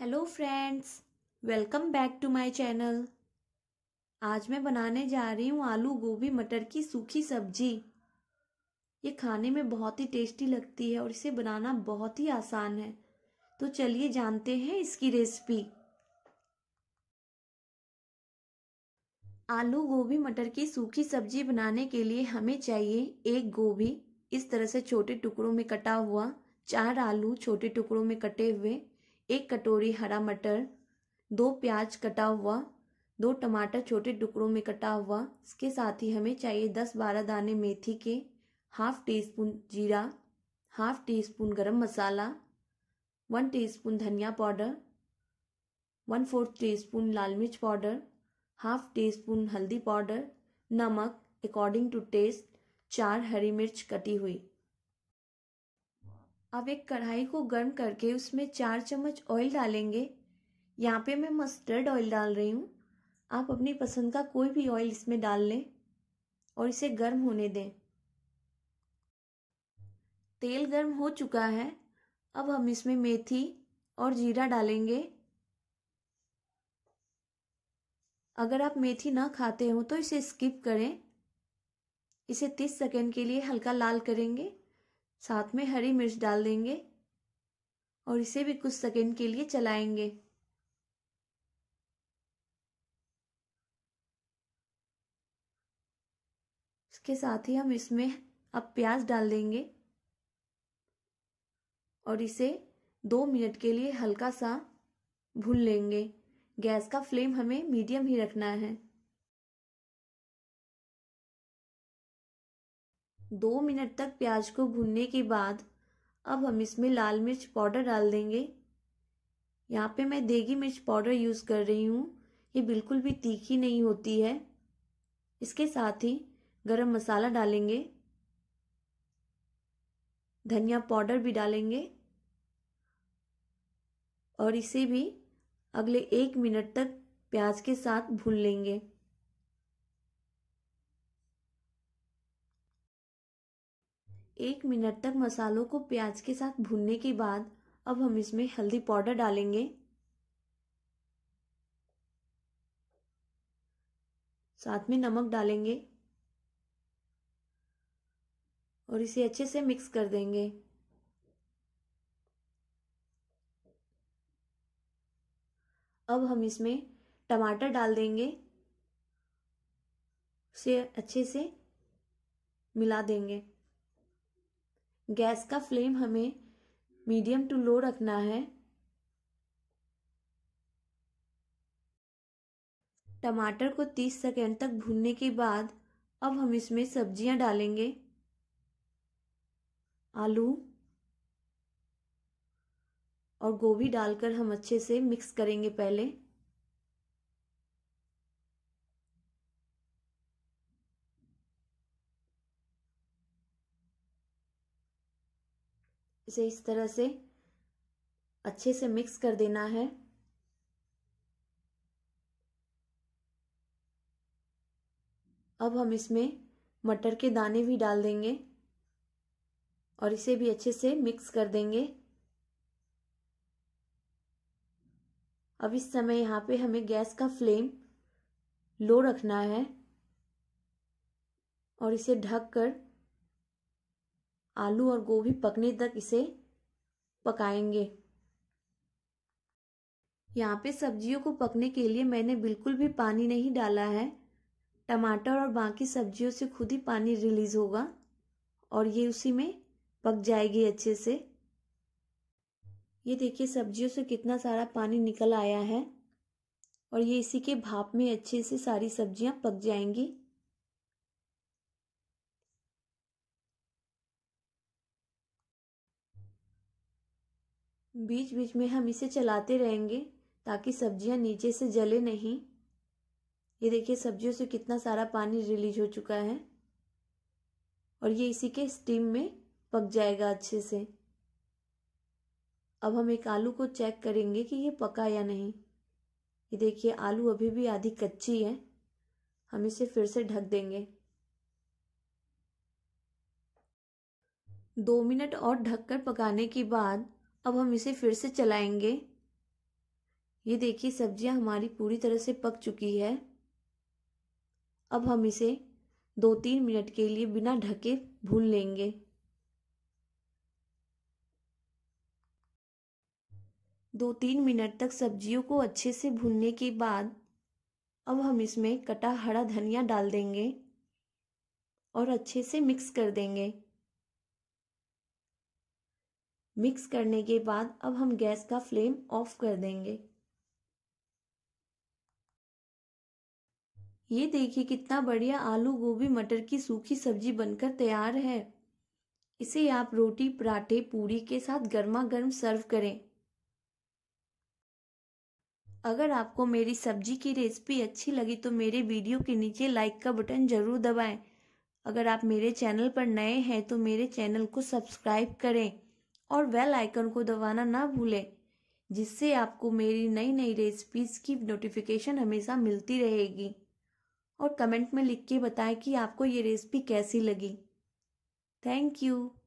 Hello friends welcome back to my channel आज मैं बनाने जा रही हूँ आलू गोभी मटर की सूखी सब्जी ये खाने में बहुत ही टेस्टी लगती है और इसे बनाना बहुत ही आसान है तो चलिए जानते हैं इसकी रेसिपी आलू गोभी मटर की सूखी सब्जी बनाने के लिए हमें चाहिए एक गोभी इस तरह से छोटे टुकड़ों में कटा हुआ चार आलू छोटे टुकड़ों में कटे हुए एक कटोरी हरा मटर दो प्याज कटा हुआ दो टमाटर छोटे टुकड़ों में कटा हुआ इसके साथ ही हमें चाहिए दस बारह दाने मेथी के हाफ टी स्पून जीरा हाफ टी स्पून गरम मसाला वन टी स्पून धनिया powder one fourth teaspoon लाल मिर्च पाउडर हाफ टी स्पून हल्दी पाउडर नमक अकॉर्डिंग टू टेस्ट चार हरी मिर्च कटी हुई अब एक कढ़ाई को गर्म करके उसमें चार चम्मच ऑयल डालेंगे यहाँ पे मैं मस्टर्ड ऑयल डाल रही हूँ आप अपनी पसंद का कोई भी ऑयल इसमें डाल लें और इसे गर्म होने दें तेल गर्म हो चुका है अब हम इसमें मेथी और जीरा डालेंगे अगर आप मेथी ना खाते हो तो इसे स्किप करें इसे तीस सेकेंड के लिए हल्का लाल करेंगे साथ में हरी मिर्च डाल देंगे और इसे भी कुछ सेकंड के लिए चलाएंगे इसके साथ ही हम इसमें अब प्याज डाल देंगे और इसे दो मिनट के लिए हल्का सा भून लेंगे गैस का फ्लेम हमें मीडियम ही रखना है दो मिनट तक प्याज को भूनने के बाद अब हम इसमें लाल मिर्च पाउडर डाल देंगे यहाँ पे मैं देगी मिर्च पाउडर यूज़ कर रही हूँ ये बिल्कुल भी तीखी नहीं होती है इसके साथ ही गरम मसाला डालेंगे धनिया पाउडर भी डालेंगे और इसे भी अगले एक मिनट तक प्याज के साथ भून लेंगे एक मिनट तक मसालों को प्याज के साथ भूनने के बाद अब हम इसमें हल्दी पाउडर डालेंगे साथ में नमक डालेंगे और इसे अच्छे से मिक्स कर देंगे अब हम इसमें टमाटर डाल देंगे उसे अच्छे से मिला देंगे गैस का फ्लेम हमें मीडियम टू लो रखना है टमाटर को 30 सेकेंड तक भूनने के बाद अब हम इसमें सब्जियां डालेंगे आलू और गोभी डालकर हम अच्छे से मिक्स करेंगे पहले इसे इस तरह से अच्छे से मिक्स कर देना है अब हम इसमें मटर के दाने भी डाल देंगे और इसे भी अच्छे से मिक्स कर देंगे अब इस समय यहाँ पे हमें गैस का फ्लेम लो रखना है और इसे ढककर आलू और गोभी पकने तक इसे पकाएंगे यहाँ पे सब्जियों को पकने के लिए मैंने बिल्कुल भी पानी नहीं डाला है टमाटर और बाकी सब्जियों से खुद ही पानी रिलीज होगा और ये उसी में पक जाएगी अच्छे से ये देखिए सब्जियों से कितना सारा पानी निकल आया है और ये इसी के भाप में अच्छे से सारी सब्जियां पक जाएंगी बीच बीच में हम इसे चलाते रहेंगे ताकि सब्जियां नीचे से जले नहीं ये देखिए सब्जियों से कितना सारा पानी रिलीज हो चुका है और ये इसी के स्टीम में पक जाएगा अच्छे से अब हम एक आलू को चेक करेंगे कि ये पका या नहीं ये देखिए आलू अभी भी आधी कच्ची है हम इसे फिर से ढक देंगे दो मिनट और ढककर पकाने के बाद अब हम इसे फिर से चलाएंगे ये देखिए सब्जियां हमारी पूरी तरह से पक चुकी है अब हम इसे दो तीन मिनट के लिए बिना ढके भून लेंगे दो तीन मिनट तक सब्जियों को अच्छे से भूनने के बाद अब हम इसमें कटा हरा धनिया डाल देंगे और अच्छे से मिक्स कर देंगे मिक्स करने के बाद अब हम गैस का फ्लेम ऑफ कर देंगे ये देखिए कितना बढ़िया आलू गोभी मटर की सूखी सब्जी बनकर तैयार है इसे आप रोटी पराठे पूरी के साथ गर्मा गर्म सर्व करें अगर आपको मेरी सब्जी की रेसिपी अच्छी लगी तो मेरे वीडियो के नीचे लाइक का बटन ज़रूर दबाएं। अगर आप मेरे चैनल पर नए हैं तो मेरे चैनल को सब्सक्राइब करें और बेल आइकन को दबाना ना भूलें जिससे आपको मेरी नई नई रेसिपीज़ की नोटिफिकेशन हमेशा मिलती रहेगी और कमेंट में लिख के बताएं कि आपको ये रेसिपी कैसी लगी थैंक यू